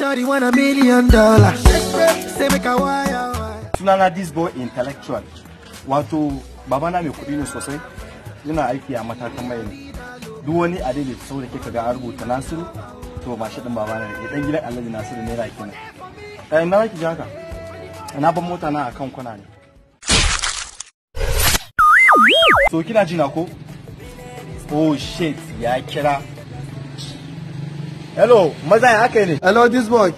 Shawty want a million dollars. Say make a wire. Sunana this boy intellectual. Wato babana mai kuɗi ne sosai. Yana aiki a matakan mai ne. Duk wani adadi saboda kika ga an rubuta Nasiru to ba shi din babana ne. Dan gidan Alhaji Nasiru ne raki ne. Eh na raki jaka. Na ban mota na akan kwana ne. So kina jina ko? Oh shit ya kira hello maza ya aka ne hello this boy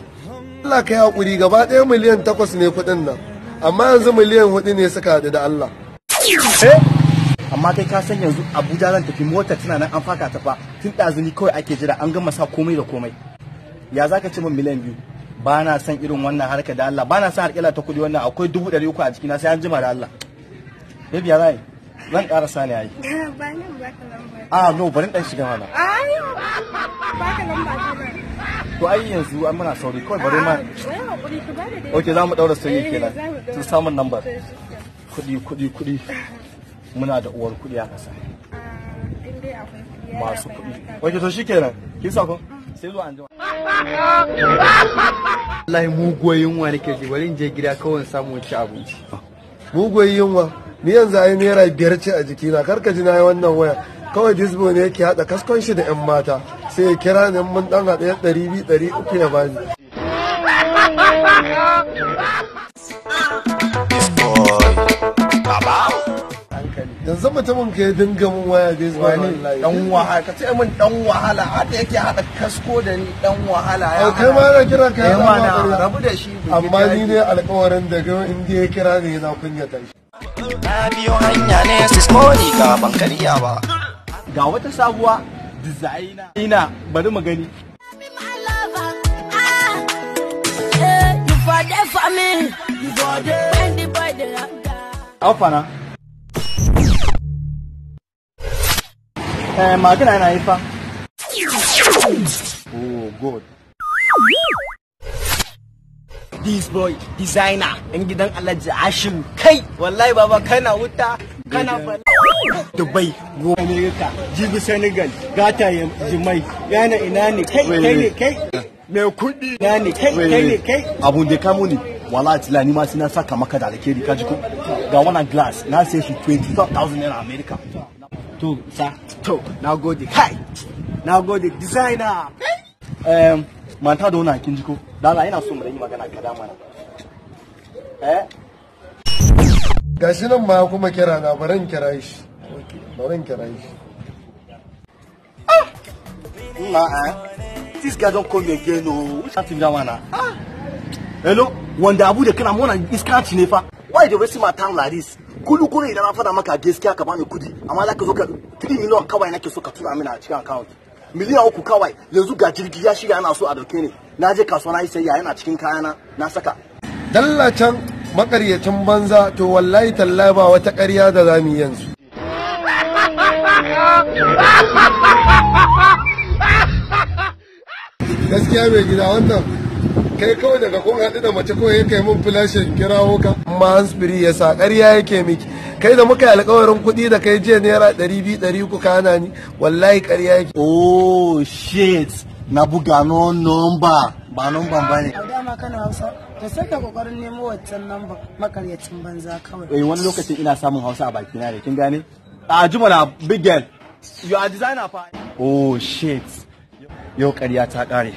Allah ka yi hakuri gaba ɗaya miliyan takwas ne kuɗin nan amma yanzu miliyan hudu ne suka haɗu da Allah eh, amma kai ka san yanzu Abuja zan tafi motar tana nan an faka ta fa tun ɗazuni kawai ake jira an gama sa komai da komai ya zaka ci min miliyan biyu ba na san irin wannan harka da Allah ba na san harƙila ta kuɗi wannan akwai dubu ɗari uku a jikina sai an jima da Allah baby ya zai zan ƙara sani ayi a no bari ɗan shiga mana to ai yanzu an muna sauri kawai bari ma ok za mu daura sauyi kenan to samun number. kudi kudi kudi muna da uwar kudi a kasa masu kudi ok to shi Ki sa sako sai zuwa an jima wallahi mugoyin yunwa nake ji bari in je gida kawai samu ci abinci mugoyin yunwa ni yanzu ai naira biyar ce a jikina karka ji na yi wannan waya kawai disbo ne yake haɗa kaskon shi da 'yan mata sai ya kira ne mun ɗan haɗa ya ɗari biyu ɗari uku ya bani. yanzu mutumin ka ya dinga mun waya dai zuwa ne dan wahala ka ce min dan wahala hada yake hada kasko da ni dan wahala ya kai ma na kira ka ya eh, ma rabu da shi amma ni ne alƙawarin da ga inda ya kira ne yana kunya ta shi na biyo hanya ne sisko ni ka ban ba ga wata sabuwa designer ina bari mu gani Alfana. Eh, magana yana ifa. Oh, good. This boy, designer, ɗan gidan Alhaji Ashiru. Kai, wallahi baba kana wuta, kana bala. dubai goma. america senegal gata jimai yana ina ne kai kai ne kai mai kudi na ne kai kai ne kai abun da kamu ne wala atila ni ma saka maka da alkhairi ka ji ga glass na sai shi 20000 naira america to sa to na gode kai na gode designer um manta da wannan kin ji dala ina so mu yi magana kada mana eh gashi nan ma kuma kira na baran kira shi Nothing can I. Ah! Nah, eh? Ah. This guy don't call me again, oh. no. Ah. ah? Hello? Wanda abu da kana muna iska ci ne fa. Why they waste my time like this? Kulu kulu idan na fada maka gaskiya ka bani kudi, amma zaka zo ka 3 million kawai nake so ka tura mini a cikin account. miliyan uku kawai yanzu ga jirgi ya shiga yana so a dauke ni na je kasuwa na yi sayya yana cikin kayana na saka dallacen makaryacin banza to wallahi tallaba wata ƙarya da zamu yanzu gaskiya mai gida wannan kai kawai daga kun haɗu da mace kawai ya kai mun filashin kirawo ka amma hansfiri ya sa ƙarya yake miki kai da muka yi alƙawarin kuɗi da kai jiya naira ɗari biyu ɗari uku kana ni wallahi ƙarya yake oh shit na buga no nomba ba nomba ba ne ma kana hausa to sai ka kokarin nemo wancan nomba makaryacin banza kawai eh wani lokacin ina samun hausa a bakina da kin gane Ah, a big girl you are designer pa. oh shit yau ƙarya ta ƙare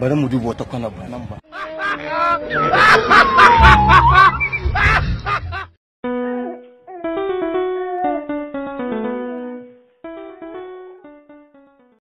bari mu duba wata kwanar ba nan ba